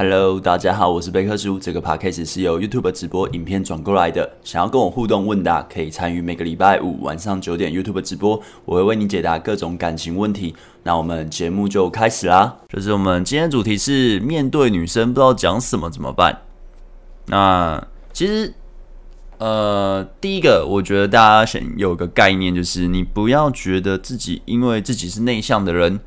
Hello，大家好，我是貝克書。這個 podcast 是由 YouTube 直播影片轉過來的。想要跟我互動問答，可以參與每個禮拜五晚上九點 YouTube 直播，我會為你解答各種感情問題。那我們節目就開始啦。就是我們今天的主題是面對女生不知道講什麼怎麼辦。那其實，呃，第一個，我覺得大家先有個概念，就是你不要覺得自己因為自己是內向的人。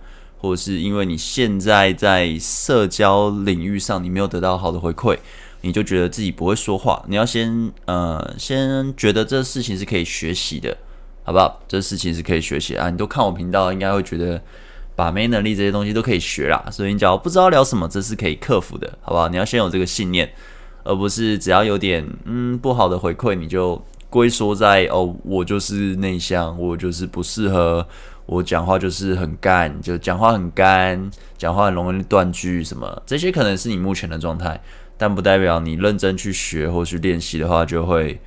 或者是因為你現在在社交領域上你沒有得到好的回饋，你就覺得自己不會說話。你要先呃，先覺得這事情是可以學習的，好不好？這事情是可以學習啊！你都看我頻道，應該會覺得把妹能力這些東西都可以學啦。所以你只要不知道聊什麼，這是可以克服的，好不好？你要先有這個信念，而不是只要有點嗯不好的回饋，你就龜縮在哦，我就是內向，我就是不適合。我講話就是很乾，就講話很乾，講話很容易斷句，什麼這些可能是你目前的狀態，但不代表你認真去學或去練習的話，就會，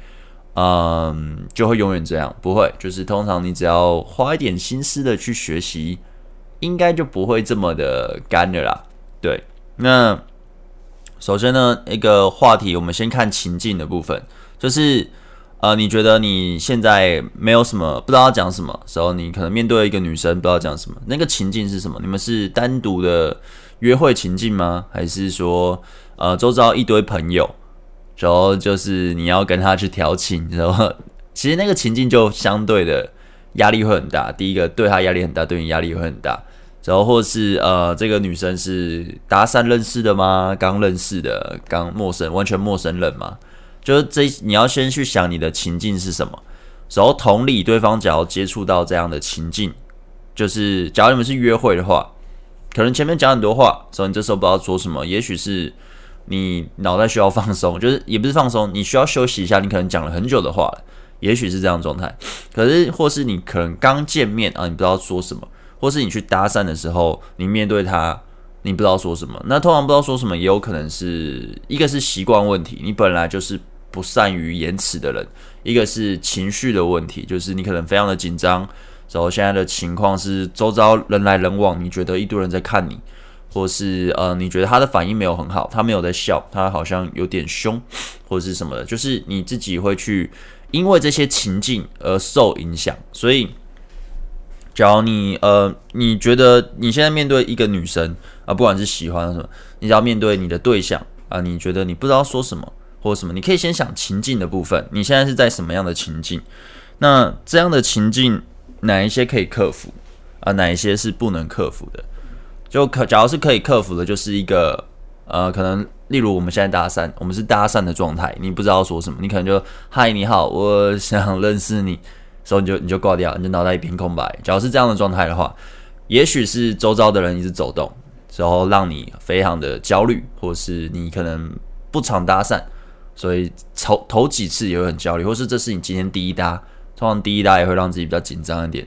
嗯，就會永遠這樣，不會。就是通常你只要花一點心思的去學習，應該就不會這麼的乾了啦。對，那首先呢，一個話題，我們先看情境的部分，就是。啊、呃，你覺得你現在沒有什麼不知道要講什麼，然後你可能面對一個女生，不知道要講什麼，那個情境是什麼？你們是單獨的約會情境嗎？還是說，呃，週遭一堆朋友，然後就是你要跟她去調情，然後其實那個情境就相對的壓力會很大。第一個對她壓力很大，對你壓力會很大。然後或是呃，這個女生是搭訕認識的嗎？剛認識的，剛陌生，完全陌生人嗎？就是這，你要先去想你的情境是什麼，然後同理，對方只要接觸到這樣的情境，就是假如你們是約會的話，可能前面講很多話，所以你這時候不知道說什麼，也許是你腦袋需要放鬆，就是也不是放鬆，你需要休息一下，你可能講了很久的話，也許是這樣狀態。可是或是你可能剛見面啊，你不知道說什麼，或是你去搭訕的時候，你面對他，你不知道說什麼。那通常不知道說什麼，也有可能是一個是習慣問題，你本來就是。不善於言辭的人，一個是情緒的問題，就是你可能非常的緊張。然後現在的情況是，周遭人來人往，你覺得一堆人在看你，或是呃，你覺得他的反應沒有很好，他沒有在笑，他好像有點凶，或者是什麼的，就是你自己會去因為這些情境而受影響。所以，假如你呃，你覺得你現在面對一個女生啊、呃，不管是喜歡什麼，你只要面對你的對象啊、呃，你覺得你不知道說什麼，或什麼，你可以先想情境的部分，你現在是在什麼樣的情境？那這樣的情境，哪一些可以克服啊、呃？哪一些是不能克服的？就可，假如是可以克服的，就是一個呃，可能例如我們現在搭訕，我們是搭訕的狀態，你不知道說什麼，你可能就嗨，你好，我想認識你，所以你就你就掛掉，你就腦袋一片空白。假如是這樣的狀態的話，也許是周遭的人一直走動，然後讓你非常的焦慮，或是你可能不常搭訕。所以頭頭幾次也會很焦慮，或是這是你今天第一搭，通常第一搭也會讓自己比較緊張一點。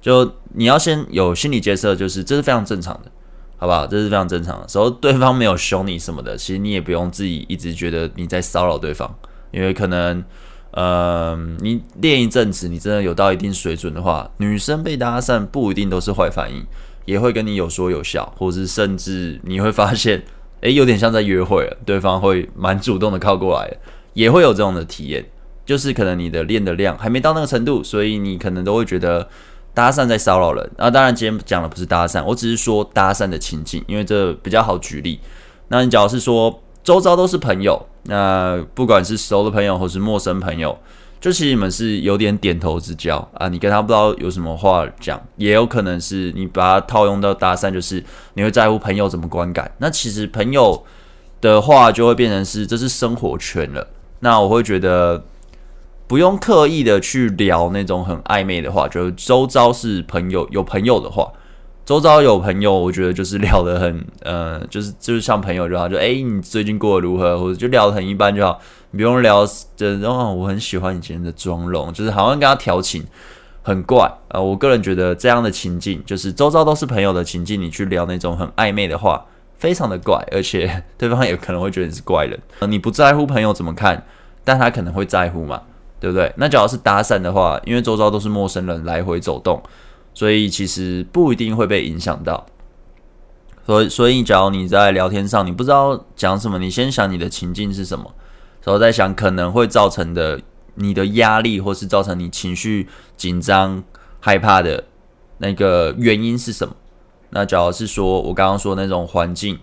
就你要先有心理建設，就是這是非常正常的，好不好？這是非常正常的。時候對方沒有凶你什麼的，其實你也不用自己一直覺得你在騷擾對方，因為可能，嗯、呃，你練一陣子，你真的有到一定水準的話，女生被搭訕不一定都是壞反應，也會跟你有說有笑，或是甚至你會發現。誒，有點像在約會了，對方會蠻主動的靠過來，也會有這種的體驗，就是可能你的練的量還沒到那個程度，所以你可能都會覺得搭訕在騷擾人。那、啊、當然，今天講的不是搭訕，我只是說搭訕的情境，因為這比較好舉例。那你假如是說周遭都是朋友，那不管是熟的朋友或是陌生朋友。就其實你們是有點點頭之交啊，你跟他不知道有什麼話講，也有可能是你把他套用到搭訕，就是你會在乎朋友怎麼觀感。那其實朋友的話就會變成是這是生活圈了。那我會覺得不用刻意的去聊那種很曖昧的話，就是周遭是朋友，有朋友的話，周遭有朋友，我覺得就是聊得很呃，就是就是像朋友就好，就誒、欸，你最近過得如何？或者就聊得很一般就好。不用聊，真的、哦，我很喜歡你今天的妝容，就是好像跟他調情，很怪啊、呃！我個人覺得這樣的情境，就是周遭都是朋友的情境，你去聊那種很曖昧的話，非常的怪，而且對方也可能會覺得你是怪人。呃、你不在乎朋友怎麼看，但他可能會在乎嘛，對不對？那假如是搭訕的話，因為周遭都是陌生人來回走動，所以其實不一定會被影響到。所以，所以假如你在聊天上，你不知道講什麼，你先想你的情境是什麼。以我在想可能會造成的你的壓力，或是造成你情緒緊張、害怕的那個原因是什麼？那假如是說我剛剛說的那種環境，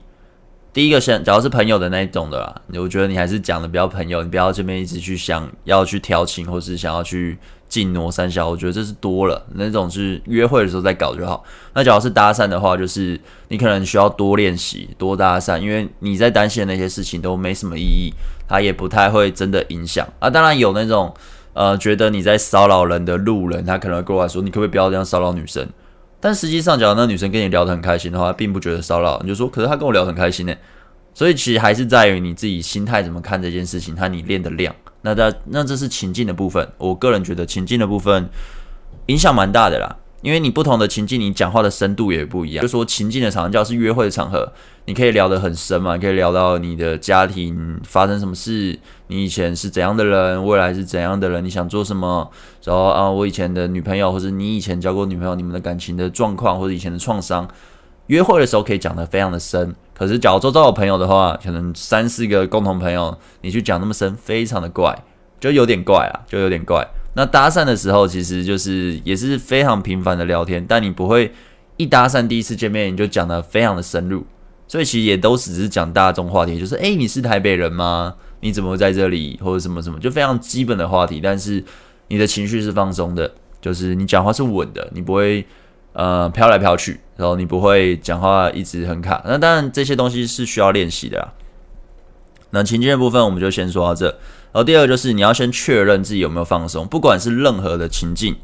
第一個先，假如是朋友的那種的啦，我覺得你還是講的比較朋友，你不要這邊一直去想要去調情，或是想要去。進挪三下，我覺得這是多了。那種是約會的時候再搞就好。那假如是搭訕的話，就是你可能需要多練習，多搭訕，因為你在擔心的那些事情都沒什麼意義，它也不太會真的影響啊。當然有那種呃，覺得你在騷擾人的路人，他可能會過來說，你可不可以不要這樣騷擾女生？但實際上，假如那女生跟你聊得很開心的話，並不覺得騷擾。你就說，可是她跟我聊得很開心呢。所以其實還是在於你自己心態怎麼看這件事情，和你練的量。那他，那這是情境的部分，我個人覺得情境的部分影響蠻大的啦，因為你不同的情境，你講話的深度也不一樣。就是說情境的場合叫是約會的場合，你可以聊得很深嘛，可以聊到你的家庭發生什麼事，你以前是怎樣的人，未來是怎樣的人，你想做什麼，然後啊，我以前的女朋友，或者你以前交過女朋友，你們的感情的狀況，或者以前的創傷，約會的時候可以講得非常的深。可是，假如周遭有朋友的話，可能三四個共同朋友，你去講那麼深，非常的怪，就有點怪啊，就有點怪。那搭訕的時候，其實就是也是非常平凡的聊天，但你不會一搭訕第一次見面你就講得非常的深入，所以其實也都只是講大眾話題，就是誒、欸，你是台北人嗎？你怎麼會在這裡？或者什麼什麼，就非常基本的話題。但是你的情緒是放鬆的，就是你講話是穩的，你不會。呃，飄來飄去，然後你不會講話一直很卡。那當然這些東西是需要練習的啊。那情境的部分我們就先說到這。然後第二個就是你要先確認自己有沒有放鬆，不管是任何的情境，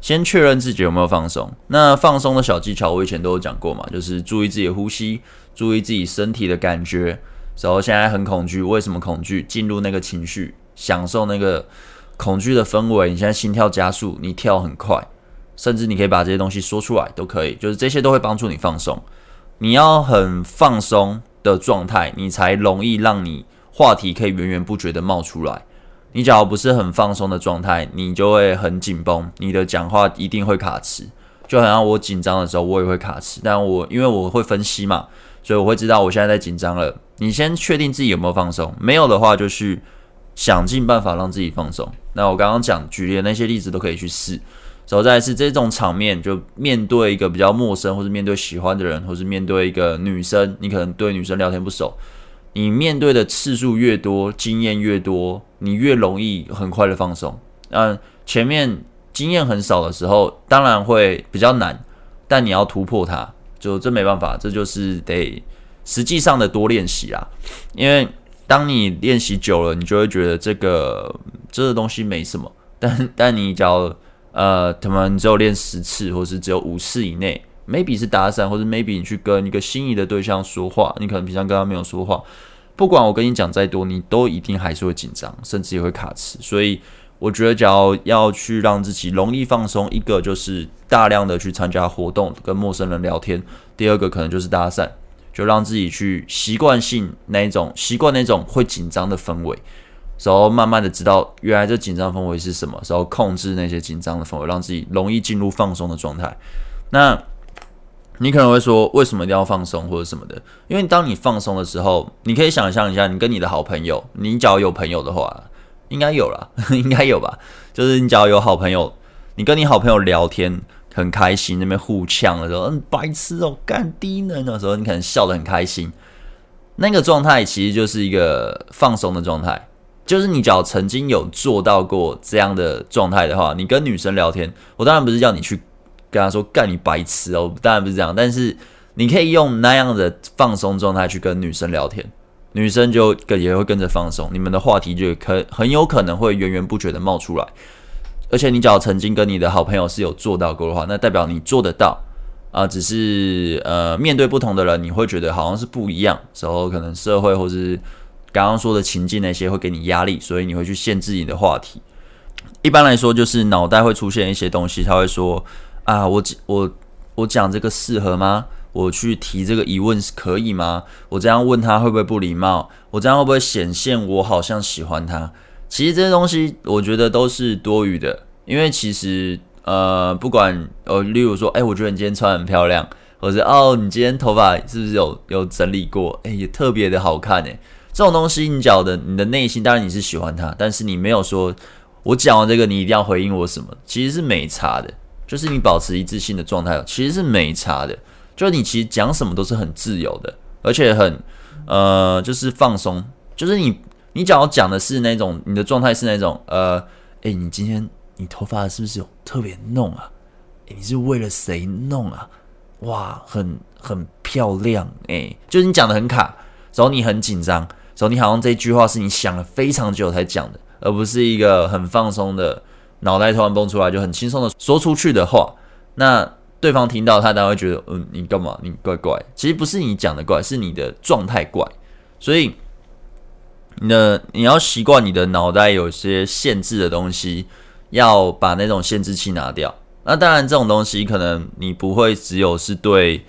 先確認自己有沒有放鬆。那放鬆的小技巧我以前都有講過嘛，就是注意自己的呼吸，注意自己身體的感覺。然後現在很恐懼，為什麼恐懼？進入那個情緒，享受那個恐懼的氛圍。你現在心跳加速，你跳很快。甚至你可以把這些東西說出來都可以，就是這些都會幫助你放鬆。你要很放鬆的狀態，你才容易讓你話題可以源源不絕地冒出來。你假如不是很放鬆的狀態，你就會很緊繃，你的講話一定會卡詞，就好像我緊張的時候，我也會卡詞。但我因為我會分析嘛，所以我會知道我現在在緊張了。你先確定自己有沒有放鬆，沒有的話就去想盡辦法讓自己放鬆。那我剛剛講舉例的那些例子都可以去試。實在是這種場面，就面對一個比較陌生，或者面對喜歡的人，或是面對一個女生，你可能對女生聊天不熟。你面對的次數越多，經驗越多，你越容易很快的放鬆。嗯，前面經驗很少的時候，當然會比較難，但你要突破它，就這沒辦法，這就是得實際上的多練習啦。因為當你練習久了，你就會覺得這個這個東西沒什麼，但但你只要。呃，他們只有練十次，或是只有五次以內，maybe 是搭訕，或是 maybe 你去跟一個心儀的對象說話，你可能平常跟他沒有說話，不管我跟你講再多，你都一定還是會緊張，甚至也會卡詞。所以我覺得，只要要去讓自己容易放鬆，一個就是大量的去參加活動，跟陌生人聊天；第二個可能就是搭訕，就讓自己去習慣性那一種習慣那種會緊張的氛圍。然後慢慢的知道原來這緊張氛圍是什麼，然後控制那些緊張的氛圍，讓自己容易進入放鬆的狀態。那你可能會說，為什麼一定要放鬆或者什麼的？因為當你放鬆的時候，你可以想象一下，你跟你的好朋友，你只要有朋友的話，應該有啦，應該有吧？就是你只要有好朋友，你跟你好朋友聊天很開心，那邊互嗆的時候，嗯、喔，白痴哦，幹低能、喔、的時候，你可能笑得很開心，那個狀態其實就是一個放鬆的狀態。就是你只要曾經有做到過這樣的狀態的話，你跟女生聊天，我當然不是叫你去跟她說幹你白痴哦，我當然不是這樣，但是你可以用那樣的放鬆狀態去跟女生聊天，女生就跟也會跟着放鬆，你們的話題就可很，很有可能會源源不絕的冒出來。而且你只要曾經跟你的好朋友是有做到過的話，那代表你做得到啊、呃，只是呃面對不同的人，你會覺得好像是不一樣，然後可能社會或是。剛剛說的情境那些會給你壓力，所以你會去限制你的話題。一般來說，就是腦袋會出現一些東西，他會說：“啊，我我我講這個適合嗎？我去提這個疑問是可以嗎？我這樣問他會不會不禮貌？我這樣會不會顯現我好像喜歡他？”其實這些東西我覺得都是多餘的，因為其實呃，不管呃，例如說，欸，我覺得你今天穿很漂亮，或者哦，你今天頭髮是不是有有整理過？欸，也特別的好看欸。這種東西，你講的，你的內心當然你是喜歡他，但是你沒有說，我講完這個你一定要回應我什麼，其實是沒差的，就是你保持一致性的狀態，其實是沒差的，就是你其實講什麼都是很自由的，而且很呃就是放鬆，就是你你講要講的是那種你的狀態是那種呃哎、欸、你今天你頭髮是不是有特別弄啊？哎、欸、你是為了誰弄啊？哇，很很漂亮哎、欸，就是你講的很卡，然後你很緊張。所以你好像這一句話是你想了非常久才講的，而不是一個很放鬆的腦袋突然蹦出來就很輕鬆的說出去的話。那對方聽到他當然會覺得，嗯，你幹嘛？你怪怪。其實不是你講的怪，是你的狀態怪。所以你的，呢，你要習慣你的腦袋有些限制的東西，要把那種限制器拿掉。那當然，這種東西可能你不會只有是對。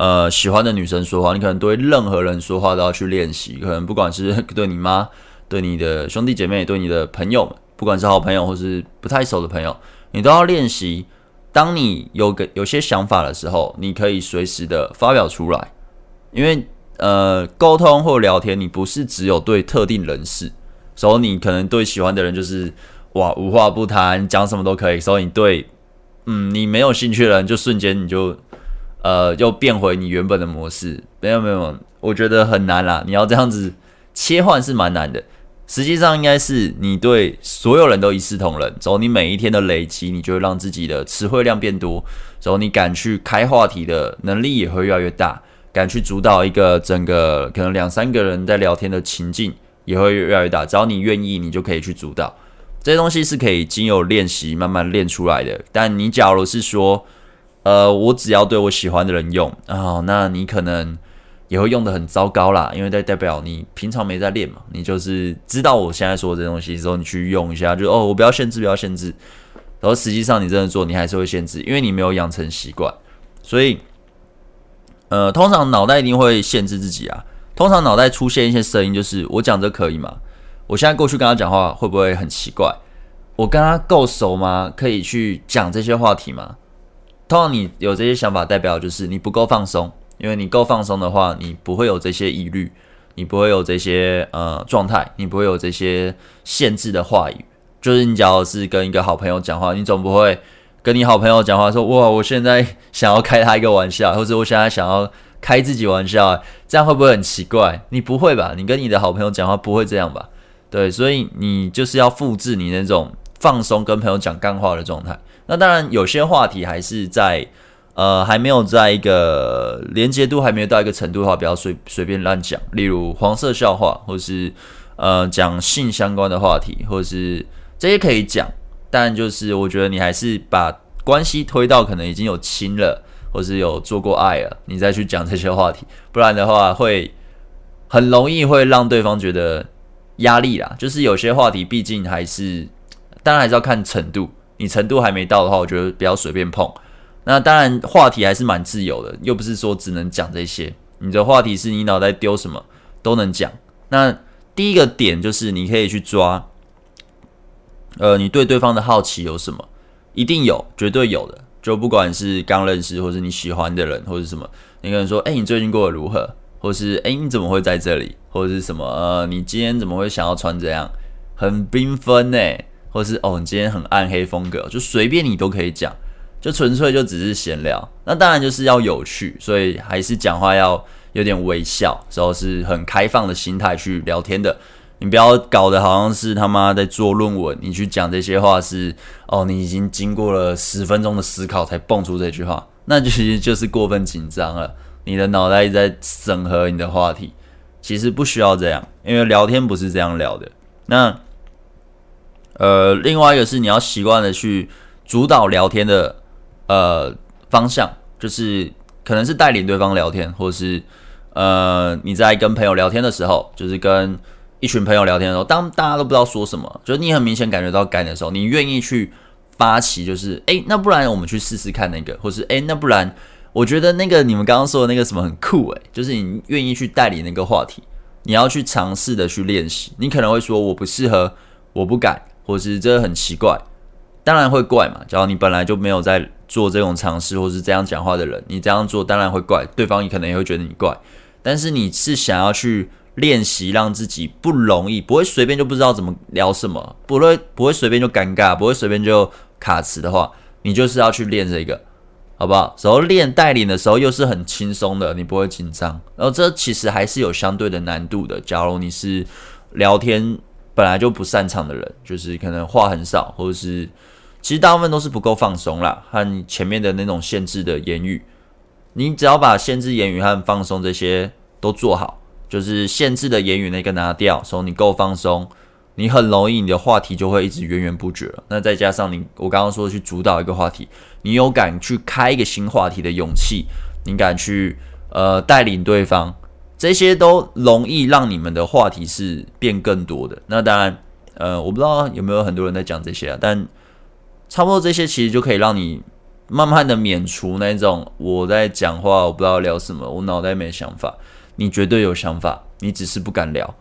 呃，喜歡的女生說話，你可能對任何人說話都要去練習。可能不管是對你媽、對你的兄弟姐妹，對你的朋友們，不管是好朋友或是不太熟的朋友，你都要練習。當你有個有些想法的時候，你可以隨時的發表出來。因為呃，溝通或聊天，你不是只有對特定人士。所以你可能對喜歡的人就是哇，無話不談，講什麼都可以。所以你對，嗯，你沒有興趣的人，就瞬間你就。呃，又變回你原本的模式，沒有沒有，我覺得很難啦。你要這樣子切換是蠻難的。實際上，應該是你對所有人都一視同仁，只要你每一天的累積，你就會讓自己的詞彙量變多。只要你敢去開話題的能力也會越來越大，敢去主導一個整個可能兩三個人在聊天的情境也會越來越大。只要你願意，你就可以去主導。這些東西是可以經由練習慢慢練出來的。但你假如是說，呃，我只要對我喜歡的人用啊、哦，那你可能也會用得很糟糕啦，因為代代表你平常沒在練嘛。你就是知道我現在說的這東西之後，你去用一下，就哦，我不要限制，不要限制。然後實際上你真的做，你還是會限制，因為你沒有養成習慣。所以，呃，通常腦袋一定會限制自己啊。通常腦袋出現一些聲音，就是我講這可以嗎？我現在過去跟他講話會不會很奇怪？我跟他夠熟嗎？可以去講這些話題嗎？通常你有這些想法，代表就是你不夠放鬆，因為你夠放鬆的話，你不會有這些疑慮，你不會有這些呃狀態，你不會有這些限制的話語。就是你只要是跟一個好朋友講話，你總不會跟你好朋友講話說哇，我現在想要開他一個玩笑，或者我現在想要開自己玩笑，這樣會不會很奇怪？你不會吧？你跟你的好朋友講話不會這樣吧？對，所以你就是要複制你那種放鬆跟朋友講幹話的狀態。那當然，有些話題還是在，呃，還沒有在一個連接度還沒有到一個程度的話，不要隨隨便亂講。例如黃色笑話，或是呃講性相關的話題，或是這些可以講，但就是我覺得你還是把關係推到可能已經有親了，或是有做過愛了，你再去講這些話題，不然的話會很容易會讓對方覺得壓力啦。就是有些話題畢竟還是，當然還是要看程度。你程度還沒到的話，我覺得不要隨便碰。那當然，話題還是蠻自由的，又不是說只能講這些。你的話題是你腦袋丟什麼都能講。那第一個點就是你可以去抓，呃，你對對方的好奇有什麼？一定有，絕對有的。就不管是剛認識，或是你喜歡的人，或者什麼，你可能說：哎、欸，你最近過得如何？或是哎、欸，你怎麼會在這裡？或者是什麼？呃，你今天怎麼會想要穿這樣？很繽紛呢。或是哦，你今天很暗黑風格，就隨便你都可以講，就純粹就只是閒聊。那當然就是要有趣，所以還是講話要有點微笑，然後是很開放的心態去聊天的。你不要搞得好像是他媽在做論文，你去講這些話是哦，你已經經過了十分鐘的思考才蹦出這句話，那其實就是過分緊張了。你的腦袋一直在審核你的話題，其實不需要這樣，因為聊天不是這樣聊的。那。呃，另外一個是你要習慣的去主導聊天的呃方向，就是可能是帶領對方聊天，或者是呃你在跟朋友聊天的時候，就是跟一群朋友聊天的時候，當大家都不知道說什麼，就是你很明顯感覺到乾的時候，你願意去發起，就是誒、欸，那不然我們去試試看那個，或是誒、欸，那不然我覺得那個你們剛剛說的那個什麼很酷誒、欸，就是你願意去帶領那個話題，你要去嘗試的去練習，你可能會說我不適合，我不敢。我其實真的很奇怪，當然會怪嘛。假如你本來就沒有在做這種嘗試或是這樣講話的人，你這樣做當然會怪，對方也可能也會覺得你怪。但是你是想要去練習，讓自己不容易，不會隨便就不知道怎麼聊什麼，不會不會隨便就尷尬，不會隨便就卡詞的話，你就是要去練這個，好不好？然後練帶領的時候又是很輕鬆的，你不會緊張。然後這其實還是有相對的難度的。假如你是聊天。本來就不擅長的人，就是可能話很少，或者是其實大部分都是不夠放鬆啦。和前面的那種限制的言語，你只要把限制言語和放鬆這些都做好，就是限制的言語那個拿掉，所以你夠放鬆，你很容易你的話題就會一直源源不絕了。那再加上你我剛剛說去主導一個話題，你有敢去開一個新話題的勇氣，你敢去呃帶領對方。這些都容易讓你們的話題是變更多的。那當然，呃，我不知道有沒有很多人在講這些啊，但差不多這些其實就可以讓你慢慢的免除那種我在講話，我不知道聊什麼，我腦袋沒想法。你絕對有想法，你只是不敢聊。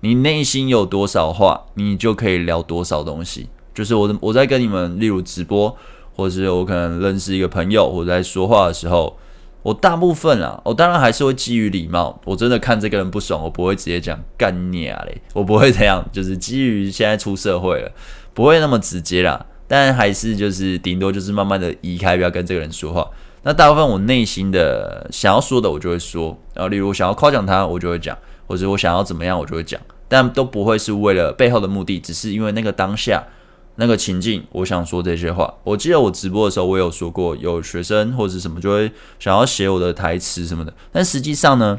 你內心有多少話，你就可以聊多少東西。就是我我在跟你們，例如直播，或者是我可能認識一個朋友，我在說話的時候，我大部分啊，我當然還是會基於禮貌。我真的看這個人不爽，我不會直接講幹你娘嘞，我不會這樣，就是基於現在出社會了，不會那麼直接啦。但還是就是頂多就是慢慢的移開，不要跟這個人說話。那大部分我內心的想要說的，我就會說。然後例如我想要誇獎他，我就會講，或者我想要怎麼樣，我就會講。但都不會是為了背後的目的，只是因為那個當下。那個情境，我想說這些話。我記得我直播的時候，我有說過，有學生或者什麼就會想要寫我的台詞什麼的。但實際上呢，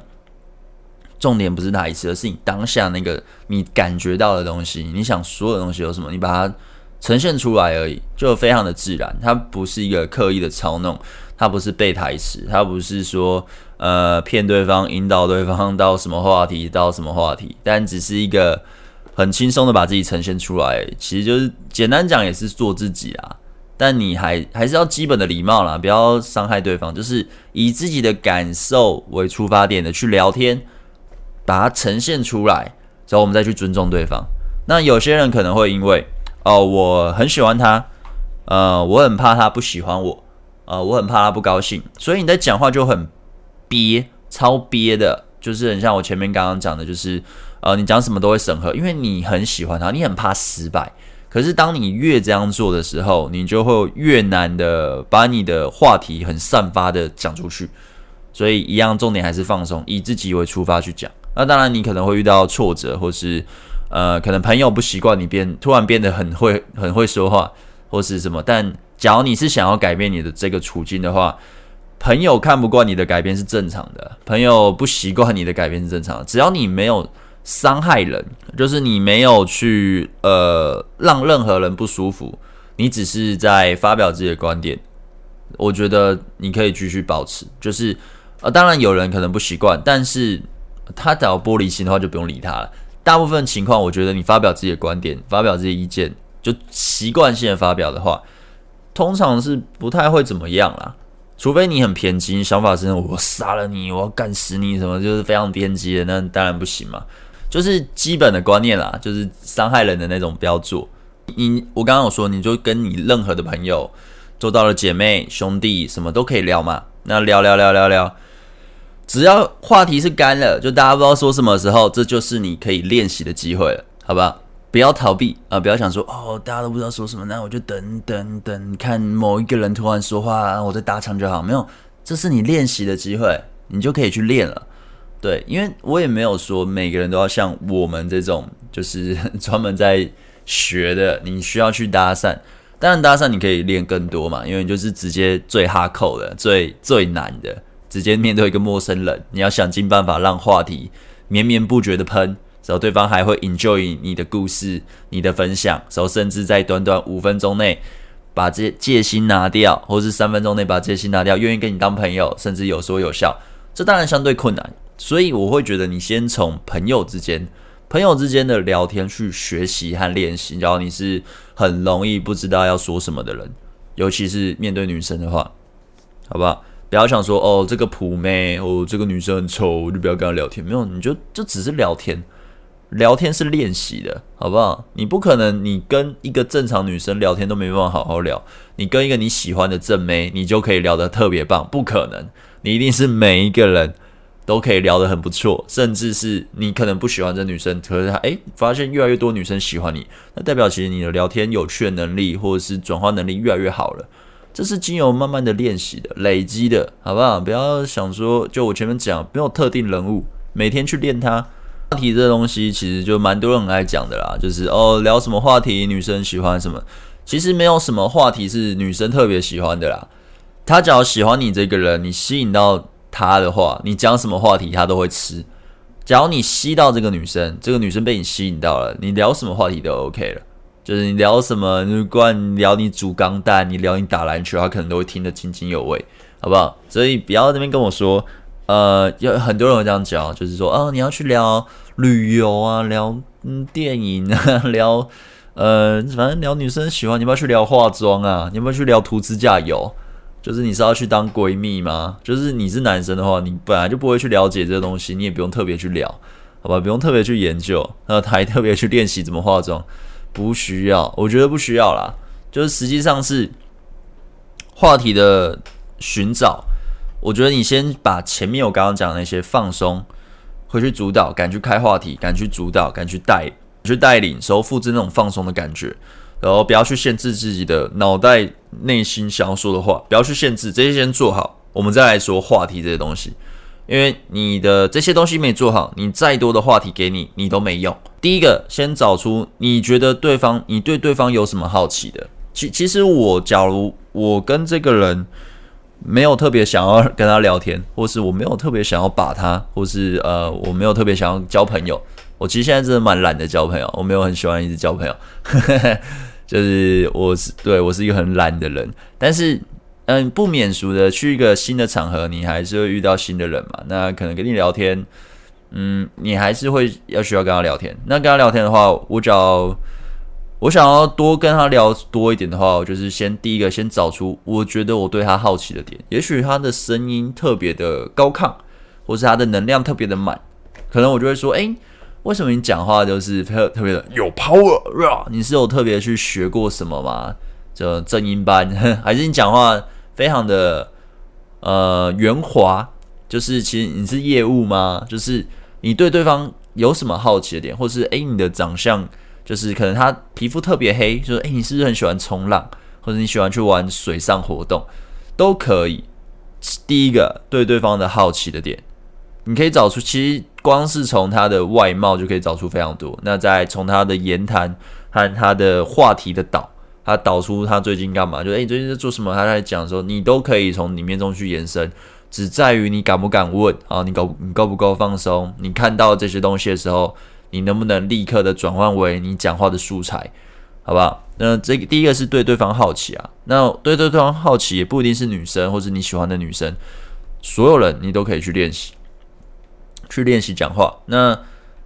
重點不是台詞，而是你當下那個你感覺到的東西。你想說的東西有什麼，你把它呈現出來而已，就非常的自然。它不是一個刻意的操弄，它不是背台詞，它不是說，呃，騙對方、引導對方到什麼話題到什麼話題，但只是一個。很輕鬆的把自己呈現出來。欸，其實就是簡單講也是做自己啊。但你還還是要基本的禮貌啦，不要傷害對方，就是以自己的感受為出發點的去聊天，把它呈現出來，之後我們再去尊重對方。那有些人可能會因為，哦、呃，我很喜歡他，呃，我很怕他不喜歡我，呃，我很怕他不高興，所以你在講話就很憋，超憋的，就是很像我前面剛剛講的，就是。啊，你講什麼都會審核，因為你很喜歡他，你很怕失敗。可是當你越這樣做的時候，你就會越難的把你的話題很散發的講出去。所以一樣，重點還是放鬆，以自己為出發去講。那當然，你可能會遇到挫折，或是呃，可能朋友不習慣你變突然變得很會很會說話，或是什麼。但假如你是想要改變你的這個處境的話，朋友看不慣你的改變是正常的，朋友不習慣你的改變是正常的。只要你沒有。傷害人就是你沒有去呃，讓任何人不舒服，你只是在發表自己的觀點。我覺得你可以繼續保持，就是呃，當然有人可能不習慣，但是他找玻璃心的話就不用理他了。大部分情況，我覺得你發表自己的觀點，發表自己的意見，就習慣性的發表的話，通常是不太會怎麼樣啦。除非你很偏激，想法是“我殺了你，我要幹死你”什麼，就是非常偏激的，那當然不行嘛。就是基本的觀念啦，就是傷害人的那種不要做。你我剛剛有說，你就跟你任何的朋友做到了姐妹、兄弟，什麼都可以聊嘛。那聊聊聊聊聊，只要話題是乾了，就大家不知道說什麼的時候，這就是你可以練習的機會了，好吧，不要逃避啊、呃，不要想說哦，大家都不知道說什麼，那我就等等等，看某一個人突然說話，我再搭腔就好。沒有，這是你練習的機會，你就可以去練了。對，因為我也沒有說每個人都要像我們這種，就是專門在學的。你需要去搭訕，當然搭訕你可以練更多嘛，因為你就是直接最 hardcore 的，最最難的，直接面對一個陌生人，你要想盡辦法讓話題綿綿不絕地噴，然後對方還會 enjoy 你的故事，你的分享，然後甚至在短短五分鐘內把這戒、戒心拿掉，或是三分鐘內把戒心拿掉，願意跟你當朋友，甚至有說有笑，這當然相對困難。所以我會覺得，你先從朋友之間、朋友之間的聊天去學習和練習。然後你是很容易不知道要說什麼的人，尤其是面對女生的話，好不好？不要想說哦，這個普妹，哦，這個女生很醜，就不要跟她聊天。沒有，你就就只是聊天，聊天是練習的，好不好？你不可能，你跟一個正常女生聊天都沒辦法好好聊，你跟一個你喜歡的正妹，你就可以聊得特別棒？不可能，你一定是每一個人，都可以聊得很不錯，甚至是你可能不喜歡這女生，可是她誒發現越來越多女生喜歡你，那代表其實你的聊天有趣的能力或者是轉化能力越來越好了，這是經由慢慢的練習的累積的，好不好？不要想說，就我前面講，沒有特定人物，每天去練它。話題這東西其實就蠻多人愛講的啦。就是哦，聊什麼話題，女生喜歡什麼，其實沒有什麼話題是女生特別喜歡的啦。她只要喜歡你這個人，你吸引到他的話，你講什麼話題他都會吃。只要你吸到這個女生，這個女生被你吸引到了，你聊什麼話題都 OK 了。就是你聊什麼，你不管你聊你煮鋼蛋，你聊你打籃球，她可能都會聽得津津有味，好不好？所以不要那邊跟我說，呃，有很多人會這樣講，就是說，哦，你要去聊旅遊啊，聊嗯電影啊，聊呃反正聊女生喜歡，你要不要去聊化妝啊，你要不要去聊塗指甲油？就是你是要去當閨蜜嗎？就是你是男生的話，你本來就不會去了解這個東西，你也不用特別去聊，好吧？不用特別去研究，那、啊、還特別去練習怎麼化妝，不需要，我覺得不需要啦。就是實際上是話題的尋找，我覺得你先把前面我剛剛講的那些放鬆，回去主導，敢去開話題，敢去主導，敢去帶去帶領，時候複製那種放鬆的感覺。然後不要去限制自己的腦袋內心想要說的話，不要去限制，這些先做好，我們再來說話題這些東西。因為你的這些東西沒做好，你再多的話題給你，你都沒用。第一個，先找出你覺得對方，你對對方有什麼好奇的。其其實我假如我跟這個人沒有特別想要跟他聊天，或是我沒有特別想要把他，或是呃我沒有特別想要交朋友，我其實現在真的蠻懶得交朋友我沒有很喜歡一直交朋友呵呵，就是我是對我是一個很懶的人。但是，嗯，不免俗的去一個新的場合，你還是會遇到新的人嘛。那可能跟你聊天，嗯，你還是會要需要跟他聊天。那跟他聊天的話，我找我想要多跟他聊多一點的話，我就是先第一個先找出我覺得我對他好奇的點。也許他的聲音特別的高亢，或是他的能量特別的滿，可能我就會說，誒、欸。為什麼你講話就是特特別的有 power，啊，你是有特別去學過什麼嗎？就正音班，哼，還是你講話非常的呃圓滑？就是其實你是業務嗎？就是你對對方有什麼好奇的點，或是誒你的長相，就是可能他皮膚特別黑，就是誒你是不是很喜歡衝浪？或者你喜歡去玩水上活動都可以。第一個對對方的好奇的點。你可以找出，其實光是從他的外貌就可以找出非常多。那再從他的言談和他的話題的導，他導出他最近幹嘛？就、欸、你最近在做什麼？他在講說，你都可以從裡面中去延伸，只在於你敢不敢問啊？你夠你夠不夠放鬆？你看到這些東西的時候，你能不能立刻的轉換為你講話的素材？好不好？那這個第一個是對對方好奇啊。那對對，對方好奇也不一定是女生或者你喜歡的女生，所有人你都可以去練習。去練習講話。那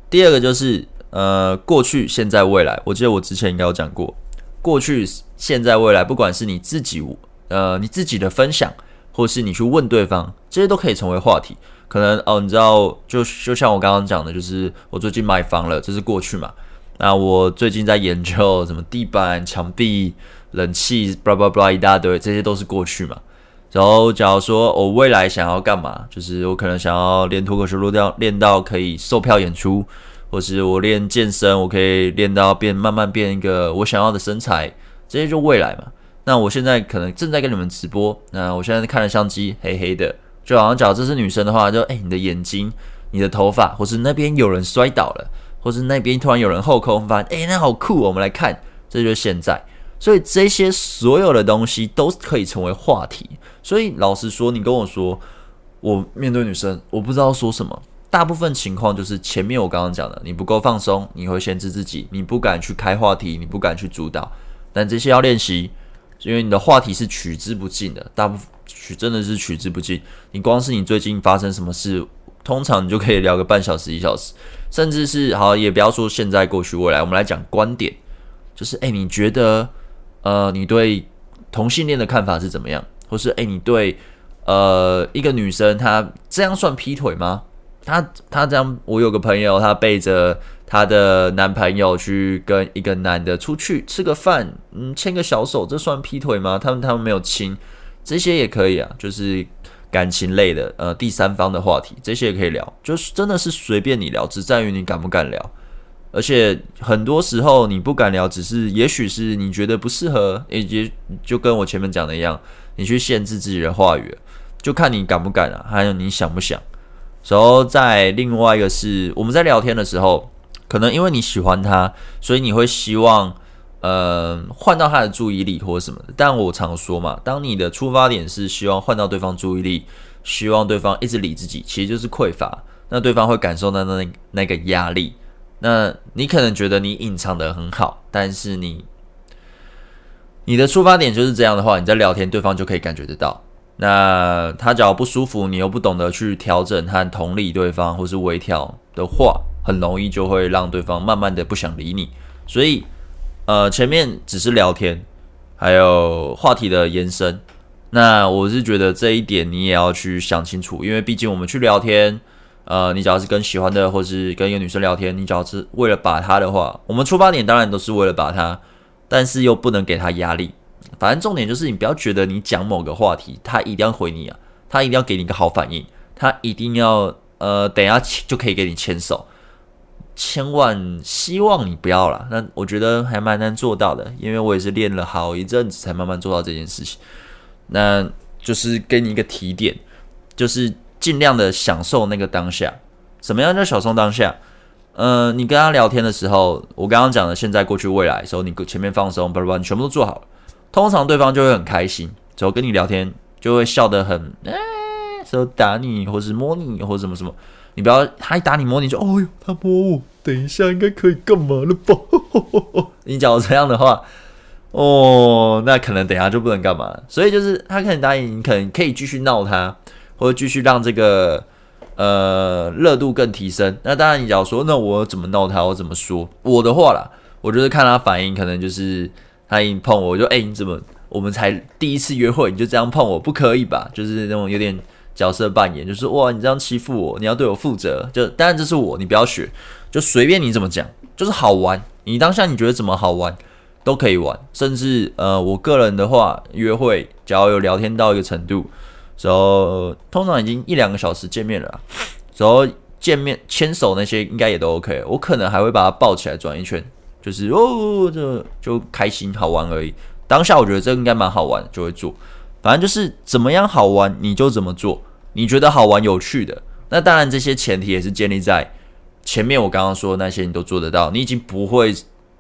第二個就是，呃，過去、現在、未來。我記得我之前應該有講過，過去、現在、未來，不管是你自己，呃，你自己的分享，或是你去問對方，這些都可以成為話題。可能哦，你知道，就就像我剛剛講的，就是我最近買房了，這是過去嘛。那我最近在研究什麼地板、牆壁、冷氣，巴拉巴拉巴拉一大堆，這些都是過去嘛。然後，假如說我未來想要幹嘛，就是我可能想要練脫口秀，練要練到可以售票演出，或是我練健身，我可以練到變慢慢變一個我想要的身材，這些就未來嘛。那我現在可能正在跟你們直播，那我現在看着相機黑黑的，就好像假如這是女生的話，就哎，你的眼睛、你的頭髮，或是那邊有人摔倒了，或是那邊突然有人後空翻，哎，那好酷哦，我們來看，這就是現在。所以這些所有的東西都可以成為話題。所以老實說，你跟我說，我面對女生，我不知道說什麼。大部分情況就是前面我剛剛講的，你不夠放鬆，你會限制自己，你不敢去開話題，你不敢去主導。但這些要練習，因為你的話題是取之不盡的，大部分取真的是取之不盡。你光是你最近發生什麼事，通常你就可以聊個半小時、一小時，甚至是好也不要說現在、過去、未來，我們來講觀點，就是誒、欸，你覺得？呃，你對同性戀的看法是怎麼樣？或是哎、欸，你對呃一個女生她這樣算劈腿嗎？她她這樣，我有個朋友，她背着她的男朋友去跟一個男的出去吃個飯，嗯，牽個小手，這算劈腿嗎？他們他們沒有親，這些也可以啊，就是感情類的呃第三方的話題，這些也可以聊，就是真的是隨便你聊，只在於你敢不敢聊。而且很多時候你不敢聊，只是也許是你覺得不適合，也也就跟我前面講的一樣，你去限制自己的話語了，就看你敢不敢了啊，還有你想不想？然後在另外一個是我們在聊天的時候，可能因為你喜歡他，所以你會希望呃換到他的注意力或什麼的。但我常說嘛，當你的出發點是希望換到對方注意力，希望對方一直理自己，其實就是匱乏，那對方會感受到那那個壓力。那你可能覺得你隱藏的很好，但是你你的出發點就是這樣的話，你在聊天，對方就可以感覺得到。那他只要不舒服，你又不懂得去調整和同理對方，或是微調的話，很容易就會讓對方慢慢的不想理你。所以，呃，前面只是聊天，還有話題的延伸。那我是覺得這一點你也要去想清楚，因為畢竟我們去聊天。呃，你只要是跟喜歡的，或是跟一個女生聊天，你只要是為了把她的話，我們出發點當然都是為了把她，但是又不能給她壓力。反正重點就是，你不要覺得你講某個話題，她一定要回你啊，她一定要給你一個好反應，她一定要呃，等下就可以給你牽手。千萬希望你不要啦，那我覺得還蠻難做到的，因為我也是練了好一陣子才慢慢做到這件事情。那就是給你一個提點，就是。盡量的享受那個當下，什麼樣叫享受當下？呃，你跟他聊天的時候，我剛剛講的現在、過去、未來時候，你前面放鬆，叭不，你全部都做好了，通常對方就會很開心，之後跟你聊天就會笑得很，哎、欸，說打你或是摸你，或是什麼什麼，你不要他一打你摸你就哦喲、哎，他摸我，等一下應該可以幹嘛了吧？你講這樣的話，哦，那可能等一下就不能幹嘛。所以就是他可能答應你，你可能可以繼續鬧他。我會繼續讓這個呃熱度更提升。那當然，你要說，那我怎麼弄他？我怎麼說我的話啦？我就是看他反應，可能就是他一碰我，我就誒、欸，你怎麼？我們才第一次約會，你就這樣碰我，不可以吧？就是那種有點角色扮演，就是哇，你這樣欺負我，你要對我負責。就當然這是我，你不要學。就隨便你怎麼講，就是好玩。你當下你覺得怎麼好玩都可以玩。甚至呃，我個人的話，約會只要有聊天到一個程度。然、so, 通常已經一兩個小時見面了，啊，然、so, 後見面牽手那些應該也都 OK，我可能還會把它抱起來轉一圈，就是哦這、哦哦、就，就開心好玩而已。當下我覺得這個應該蠻好玩，就會做。反正就是怎麼樣好玩你就怎麼做，你覺得好玩有趣的，那當然這些前提也是建立在前面我剛剛說的那些你都做得到，你已經不會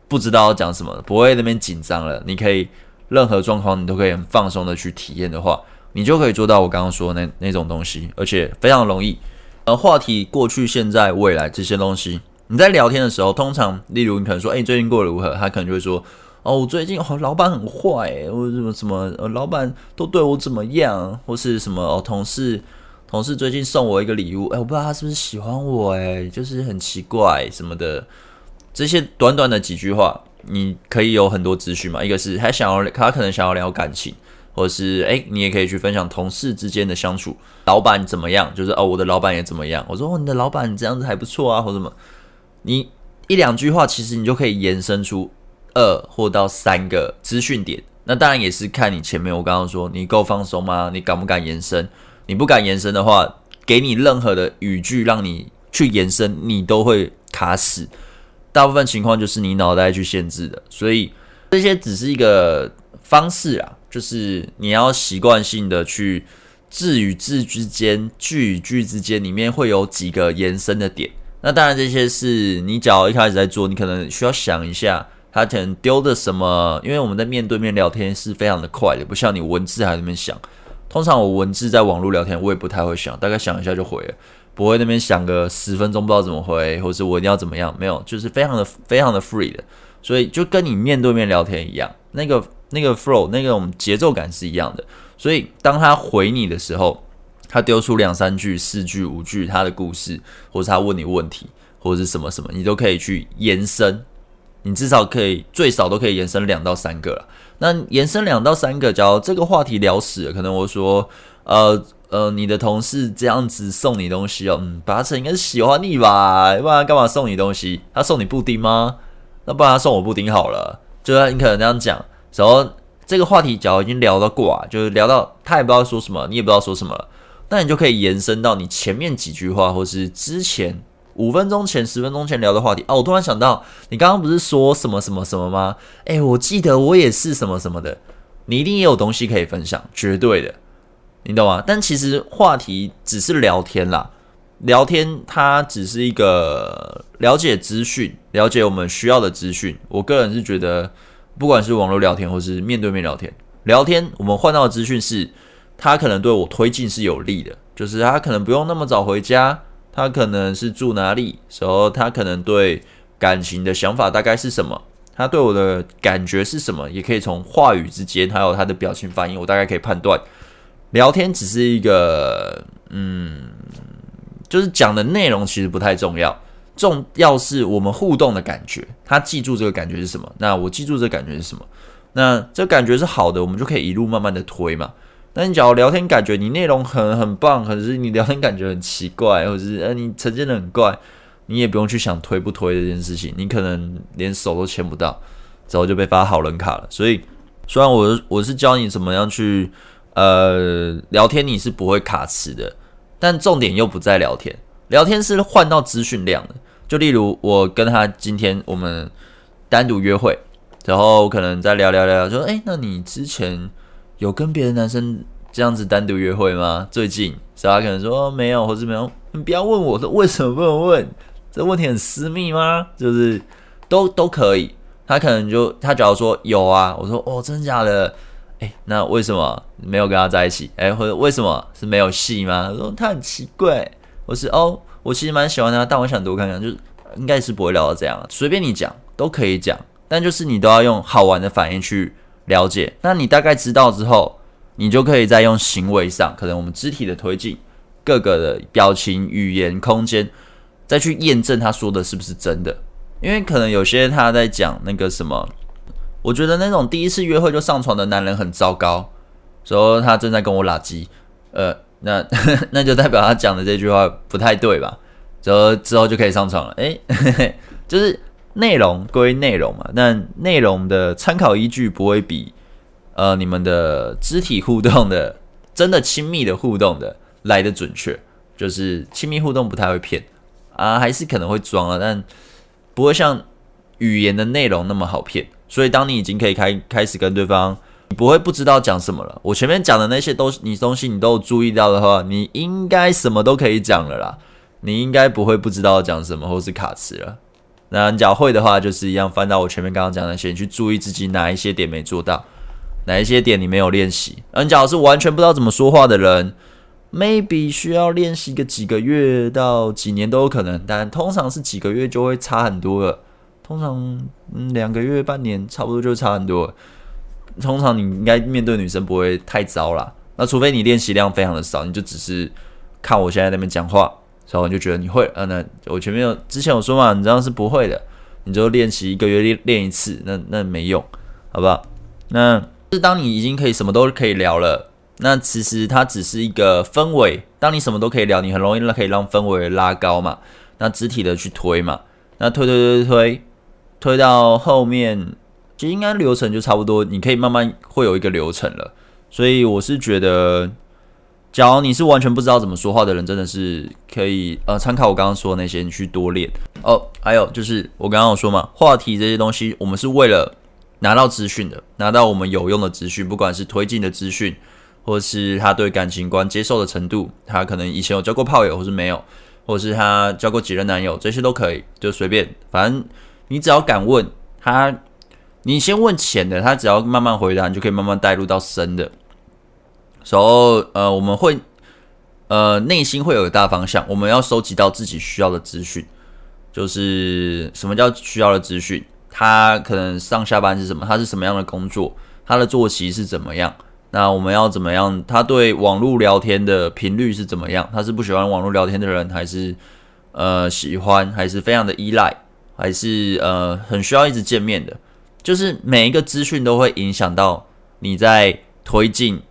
不知道要講什麼了，不會那邊緊張了，你可以任何狀況你都可以很放鬆的去體驗的話。你就可以做到我剛剛說的那那種東西，而且非常容易。呃，話題過去、現在、未來這些東西，你在聊天的時候，通常，例如你可能說：“哎，最近過得如何？”他可能就會說：“哦，我最近哦，老闆很壞，或者什麼什麼，呃，老闆都對我怎麼樣，或是什麼哦，同事同事最近送我一個禮物，哎，我不知道他是不是喜歡我，哎，就是很奇怪什麼的。這些短短的幾句話，你可以有很多資訊嘛。一個是他想要，他可能想要聊感情。或是哎，你也可以去分享同事之間的相處，老板怎麼樣？就是哦，我的老板也怎麼樣？我說哦，你的老板你這樣子還不錯啊，或者什麼？你一兩句話，其實你就可以延伸出二或到三個資訊點。那當然也是看你前面我剛剛說，你夠放鬆嗎？你敢不敢延伸？你不敢延伸的話，給你任何的語句讓你去延伸，你都會卡死。大部分情況就是你腦袋去限制的，所以這些只是一個方式啊。就是你要習慣性的去字與字之間、句與句之間裡面會有幾個延伸的點。那當然，這些是你只要一開始在做，你可能需要想一下，它可能丟的什麼。因為我們在面對面聊天是非常的快的，不像你文字還在那邊想。通常我文字在網絡聊天，我也不太會想，大概想一下就回了，不會那邊想個十分鐘不知道怎麼回，或是我一定要怎麼樣？沒有，就是非常的、非常的 free 的。所以就跟你面對面聊天一樣，那個那個 flow 那種節奏感是一樣的。所以當他回你的時候，他丟出兩三句、四句、五句他的故事，或是他問你問題，或者是什麼什麼，你都可以去延伸。你至少可以最少都可以延伸兩到三個啦。那延伸兩到三個，假如這個話題聊死了，可能我說，呃呃，你的同事這樣子送你東西哦，嗯，八成應該是喜歡你吧？不然幹嘛送你東西？他送你布丁嗎？啊、不然他送我布丁好了，就算你可能這樣講，然後這個話題角已經聊到過啊，就是聊到他也不知道說什麼，你也不知道說什麼了，那你就可以延伸到你前面幾句話，或是之前五分鐘前、十分鐘前聊的話題。哦、啊，我突然想到，你剛剛不是說什麼什麼什麼嗎？誒、欸，我記得我也是什麼什麼的，你一定也有東西可以分享，絕對的，你懂嗎？但其實話題只是聊天啦，聊天它只是一個了解資訊。了解我們需要的資訊，我個人是覺得，不管是網絡聊天或是面對面聊天，聊天我們換到的資訊是，他可能對我推進是有利的，就是他可能不用那麼早回家，他可能是住哪裡，然後他可能對感情的想法大概是什麼，他對我的感覺是什麼，也可以從話語之間還有他的表情反應，我大概可以判斷。聊天只是一個，嗯，就是講的內容其實不太重要。重要是我們互動的感覺，他記住這個感覺是什麼，那我記住這個感覺是什麼，那這感覺是好的，我們就可以一路慢慢的推嘛。那你假如聊天感覺你內容很很棒，可是你聊天感覺很奇怪，或者是呃你呈現得很怪，你也不用去想推不推這件事情，你可能連手都牽不到，之後就被發好人卡了。所以雖然我我是教你怎麼樣去呃聊天，你是不會卡詞的，但重點又不在聊天，聊天是換到資訊量的。就例如我跟他今天我們單獨約會，然後可能在聊聊聊，聊說：“誒，那你之前有跟別的男生這樣子單獨約會嗎？”最近，所以他可能說：“沒有，或是沒有。”你不要問我，我說為什麼不能問，這問題很私密嗎？就是都都可以。他可能就他假如說有啊，我說：“哦，真的假的？”誒，那為什麼沒有跟他在一起？誒，或者為什麼是沒有戲嗎？他說他很奇怪。我說哦。我其實蠻喜歡他啊，但我想多看看，就是應該是不會聊到這樣啊。隨便你講都可以講，但就是你都要用好玩的反應去了解。那你大概知道之後，你就可以再用行為上，可能我們肢體的推進、各個的表情、語言、空間，再去驗證他說的是不是真的。因為可能有些他在講那個什麼，我覺得那種第一次約會就上床的男人很糟糕。所以他正在跟我垃圾呃。那 那就代表他講的這句話不太對吧？之後之後就可以上床了。誒嘿嘿， 就是內容歸內容嘛。但內容的參考依據不會比呃你們的肢體互動的真的親密的互動的來得準確。就是親密互動不太會騙啊，還是可能會裝了，但不會像語言的內容那麼好騙。所以當你已經可以開開始跟對方。你不會不知道講什麼了。我前面講的那些東西，你東西你都注意到的話，你應該什麼都可以講了啦。你應該不會不知道講什麼，或是卡詞了。那你假如會的話，就是一樣翻到我前面剛剛講的那些，先去注意自己哪一些點沒做到，哪一些點你沒有練習。那你假如是完全不知道怎麼說話的人，maybe 需要練習個幾個月到幾年都有可能，但通常是幾個月就會差很多了。通常嗯，兩個月半年差不多就差很多了。通常你應該面對女生不會太糟啦，那除非你練習量非常的少，你就只是看我現在在那邊講話，然後你就覺得你會，呃、那我前面有之前有說嘛，你這樣是不會的，你就練習一個月練練一次，那那沒用，好不好？那，就是當你已經可以什麼都可以聊了，那其實它只是一個氛圍，當你什麼都可以聊，你很容易讓可以讓氛圍拉高嘛，那肢體的去推嘛，那推推推推，推到後面。其實應該流程就差不多，你可以慢慢會有一個流程了。所以我是覺得，假如你是完全不知道怎麼說話的人，真的是可以呃參考我剛剛說的那些，你去多練哦。還有就是我剛剛有說嘛，話題這些東西，我們是為了拿到資訊的，拿到我們有用的資訊，不管是推進的資訊，或是他對感情觀接受的程度，他可能以前有交過炮友，或是沒有，或是他交過幾任男友，這些都可以，就隨便，反正你只要敢問他。你先問淺的，他只要慢慢回答，你就可以慢慢帶入到深的。時候，呃，我們會，呃，內心會有個大方向。我們要收集到自己需要的資訊，就是什麼叫需要的資訊？他可能上下班是什麼？他是什麼樣的工作？他的作息是怎麼樣？那我們要怎麼樣？他對網絡聊天的頻率是怎麼樣？他是不喜歡網絡聊天的人，還是呃喜歡，還是非常的依賴，還是呃很需要一直見面的？就是每一個資訊都會影響到你在推進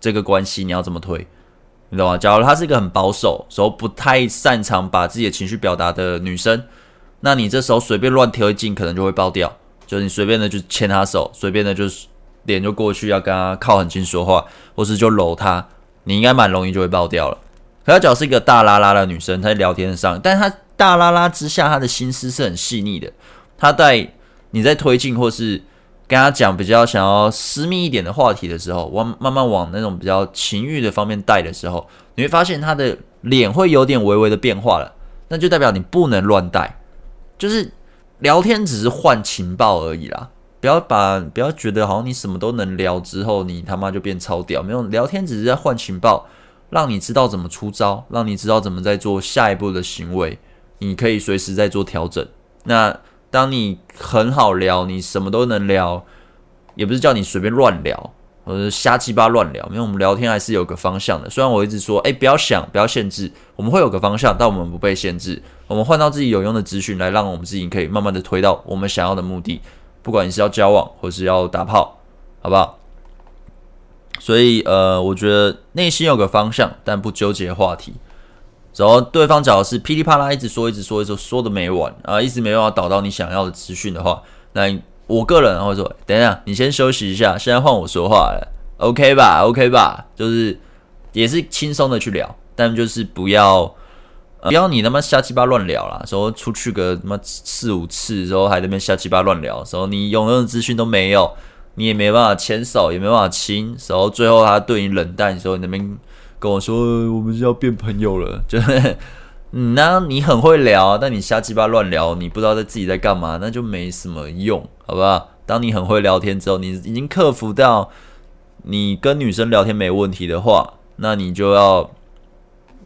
這個關係，你要怎麼推？你懂嗎？假如她是一個很保守、時候不太擅長把自己的情緒表達的女生，那你這時候隨便亂挑一進，可能就會爆掉。就是你隨便的就牽她手，隨便的就是臉就過去要跟她靠很近說話，或是就摟她，你應該蠻容易就會爆掉了。可她只要是一個大拉拉的女生，她在聊天上，但她大拉拉之下，她的心思是很細膩的，她在。你在推進或是跟他講比較想要私密一點的話題的時候，往慢慢往那種比較情慾的方面帶的時候，你會發現他的臉會有點微微的變化了，那就代表你不能亂帶，就是聊天只是換情報而已啦，不要把不要覺得好像你什麼都能聊，之後你他媽就變超屌，沒有聊天只是在換情報，讓你知道怎麼出招，讓你知道怎麼在做下一步的行為，你可以隨時在做調整。那。當你很好聊，你什麼都能聊，也不是叫你隨便亂聊，或者瞎雞巴亂聊，因為我們聊天還是有個方向的。雖然我一直說，誒、欸，不要想，不要限制，我們會有個方向，但我們不被限制，我們換到自己有用的資訊來，讓我們自己可以慢慢的推到我們想要的目的。不管你是要交往，或是要打炮，好不好？所以，呃，我覺得內心有個方向，但不糾結話題。然後對方講的是噼里啪啦一直說一直說一直說的沒完啊，一直沒辦法導到你想要的資訊的話，那我個人會說，等一下，你先休息一下，現在換我說話了，OK 吧？OK 吧？就是也是輕鬆的去聊，但就是不要、呃、不要你他媽瞎七八亂聊啦，說出去個他媽四五次之後還在那邊瞎七八亂聊時候，你有用的資訊都沒有，你也沒辦法牽手，也沒辦法親，然後最後他對你冷淡的時候，你那邊。跟我說，我們是要變朋友了。就是，那、嗯啊、你很會聊，但你瞎雞巴亂聊，你不知道在自己在幹嘛，那就沒什麼用，好不好？當你很會聊天之後，你已經克服到你跟女生聊天沒問題的話，那你就要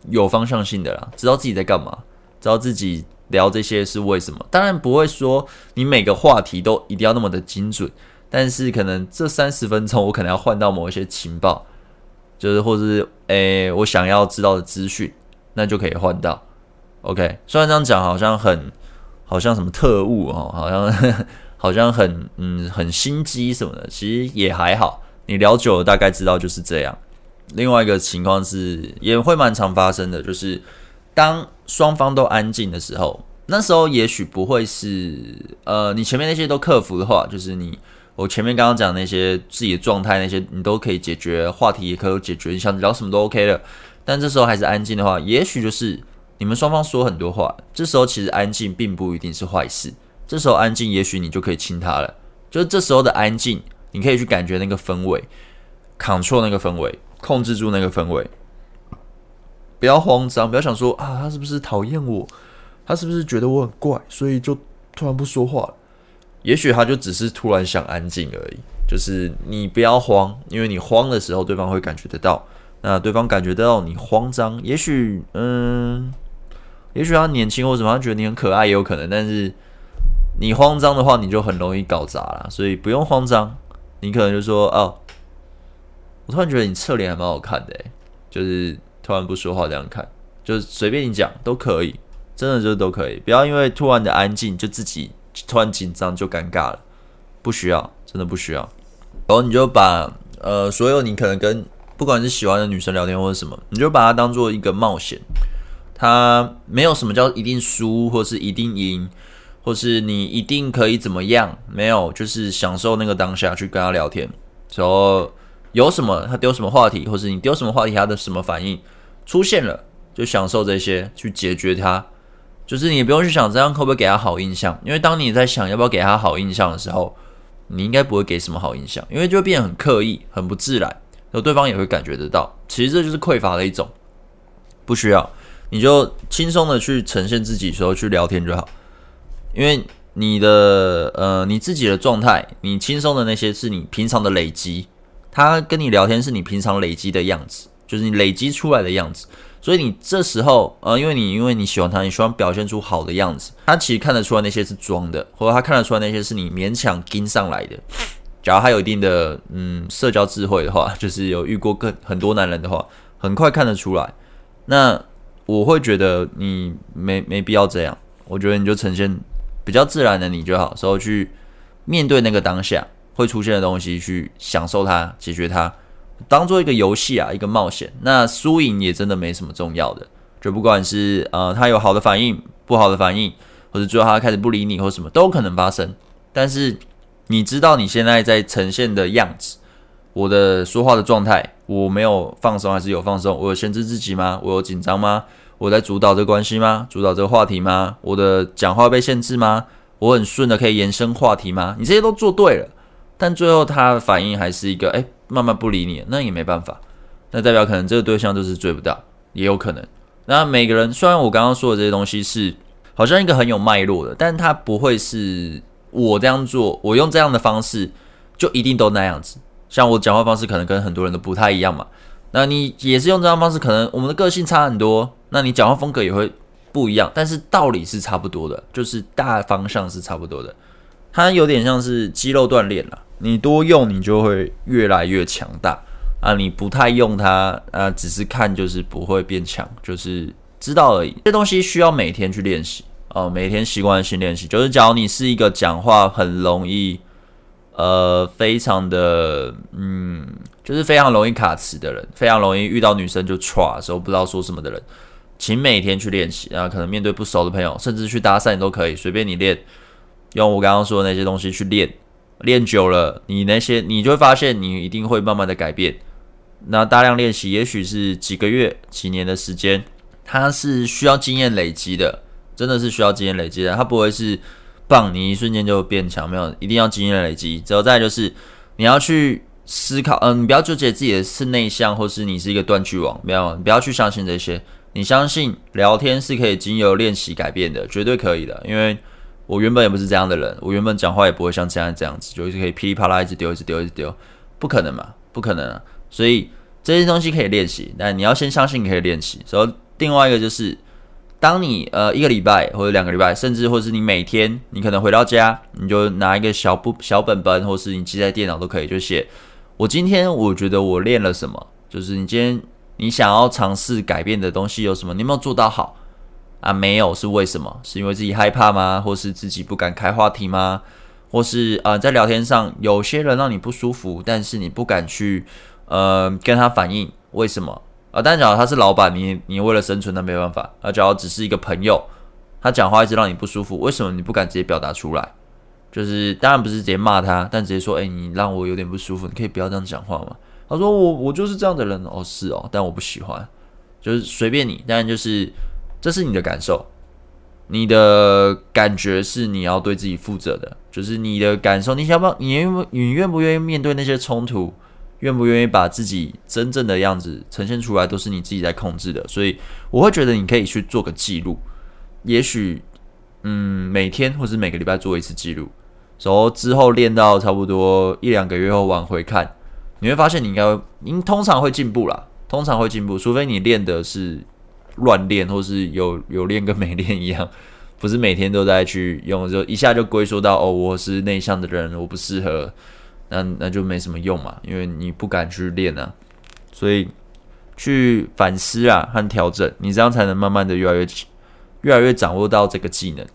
有方向性的啦，知道自己在幹嘛，知道自己聊這些是為什麼。當然不會說你每個話題都一定要那麼的精準，但是可能這三十分鐘我可能要換到某一些情報。就是，或是誒、欸，我想要知道的資訊，那就可以換到，OK。雖然這樣講，好像很，好像什麼特務哦，好像好像很，嗯，很心機什麼的，其實也還好。你聊久了，大概知道就是這樣。另外一個情況是，也會蠻常發生的，就是當雙方都安靜的時候，那時候也許不會是，呃，你前面那些都克服的話，就是你。我前面剛剛講那些自己的狀態，那些你都可以解決，話題也可以解決，你想聊什麼都 OK 了。但這時候還是安靜的話，也許就是你們雙方說很多話，這時候其實安靜並不一定是壞事。這時候安靜，也許你就可以親他了。就是這時候的安靜，你可以去感覺那個氛圍，control 那個氛圍，控制住那個氛圍，不要慌張，不要想說啊，他是不是討厭我，他是不是覺得我很怪，所以就突然不說話了。也許他就只是突然想安靜而已，就是你不要慌，因為你慌的時候，對方會感覺得到。那對方感覺得到你慌張，也許，嗯，也許他年輕或者什麼，他覺得你很可愛也有可能。但是你慌張的話，你就很容易搞砸啦，所以不用慌張。你可能就說：“哦，我突然覺得你側臉還蠻好看的欸。”就是突然不說話這樣看，就是隨便你講都可以，真的就是都可以。不要因為突然的安靜就自己。突然緊張就尷尬了，不需要，真的不需要。然後你就把呃，所有你可能跟不管是喜歡的女生聊天或者什麼，你就把它當做一個冒險。它沒有什麼叫一定輸或是一定贏，或是你一定可以怎麼樣，沒有，就是享受那個當下去跟她聊天。然後有什麼她丟什麼話題，或是你丟什麼話題，她的什麼反應出現了，就享受這些去解決它。就是你也不用去想這樣可不可以給他好印象，因為當你在想要不要給他好印象的時候，你應該不會給什麼好印象，因為就會變得很刻意、很不自然，然後對方也會感覺得到。其實這就是匱乏的一種，不需要，你就輕鬆的去呈現自己的時候去聊天就好，因為你的呃，你自己的狀態，你輕鬆的那些是你平常的累積，他跟你聊天是你平常累積的樣子，就是你累積出來的樣子。所以你這時候，呃，因為你因為你喜歡他，你喜歡表現出好的樣子，他其實看得出來那些是裝的，或者他看得出來那些是你勉強跟上來的。假如他有一定的嗯社交智慧的話，就是有遇過更很多男人的話，很快看得出來。那我會覺得你沒沒必要這樣，我覺得你就呈現比較自然的你就好，時候去面對那個當下會出現的東西，去享受它，解決它。當做一個遊戲啊，一個冒險，那輸贏也真的沒什麼重要的。就不管是呃，他有好的反應，不好的反應，或者最後他開始不理你，或什麼都可能發生。但是你知道你現在在呈現的樣子，我的說話的狀態，我沒有放鬆還是有放鬆？我有限制自己嗎？我有緊張嗎？我在主導這個關係嗎？主導這個話題嗎？我的講話被限制嗎？我很順的可以延伸話題嗎？你這些都做對了，但最後他的反應還是一個，誒、欸。慢慢不理你,那也沒辦法，那代表可能這個對象就是追不到，也有可能。那每個人，雖然我剛剛說的這些東西是好像一個很有脈絡的，但它不會是我這樣做，我用這樣的方式就一定都那樣子。像我講話方式可能跟很多人都不太一樣嘛，那你也是用這樣方式，可能我們的個性差很多，那你講話風格也會不一樣，但是道理是差不多的，就是大方向是差不多的。它有點像是肌肉鍛鍊了。你多用，你就會越來越強大啊！你不太用它，啊，只是看，就是不會變強，就是知道而已。這東西需要每天去練習啊、呃，每天習慣性練習。就是假如你是一個講話很容易，呃，非常的，嗯，就是非常容易卡詞的人，非常容易遇到女生就叉的時候不知道說什麼的人，請每天去練習啊！可能面對不熟的朋友，甚至去搭訕你都可以，隨便你練，用我剛剛說的那些東西去練。練久了，你那些你就會發現，你一定會慢慢的改變。那大量練習，也許是幾個月、幾年的時間，它是需要經驗累積的，真的是需要經驗累積的。它不會是棒，你一瞬間就變強，沒有，一定要經驗累積。之後再來就是你要去思考，嗯、呃，你不要糾結自己是內向，或是你是一個斷句王，沒有，你不要去相信這些。你相信聊天是可以經由練習改變的，絕對可以的，因為。我原本也不是這樣的人，我原本講話也不會像現在這樣子，就是可以噼裡啪啦一直丟，一直丟，一直丟，一直丟，不可能嘛，不可能啊。所以這些東西可以練習，但你要先相信你可以練習。然後，so，另外一個就是，當你呃一個禮拜或者兩個禮拜，甚至或是你每天，你可能回到家，你就拿一個小本小本本，或是你記在電腦都可以，就寫我今天我覺得我練了什麼，就是你今天你想要嘗試改變的東西有什麼，你有沒有做到好？啊，沒有是為什麼？是因為自己害怕嗎？或是自己不敢開話題嗎？或是啊、呃，在聊天上，有些人讓你不舒服，但是你不敢去呃跟他反映，為什麼？啊，但假如他是老板，你你為了生存，那沒辦法。啊，假如只是一個朋友，他講話一直讓你不舒服，為什麼你不敢直接表達出來？就是當然不是直接罵他，但直接說，誒、欸，你讓我有點不舒服，你可以不要這樣講話嗎？他說我我就是這樣的人哦，是哦，但我不喜歡，就是隨便你，但就是。這是你的感受，你的感覺是你要對自己負責的，就是你的感受，你想不想，你願不你願不願意面對那些衝突，願不願意把自己真正的樣子呈現出來，都是你自己在控制的。所以我會覺得你可以去做個記錄，也許嗯每天或是每個禮拜做一次記錄，然後之後練到差不多一兩個月後往回看，你會發現你應該應通常會進步啦，通常會進步，除非你練的是。亂練或是有有練跟沒練一樣，不是每天都在去用的時候，就一下就歸縮到哦，我是內向的人，我不適合，那那就沒什麼用嘛，因為你不敢去練啊，所以去反思啊和調整，你這樣才能慢慢的越來越越來越掌握到這個技能。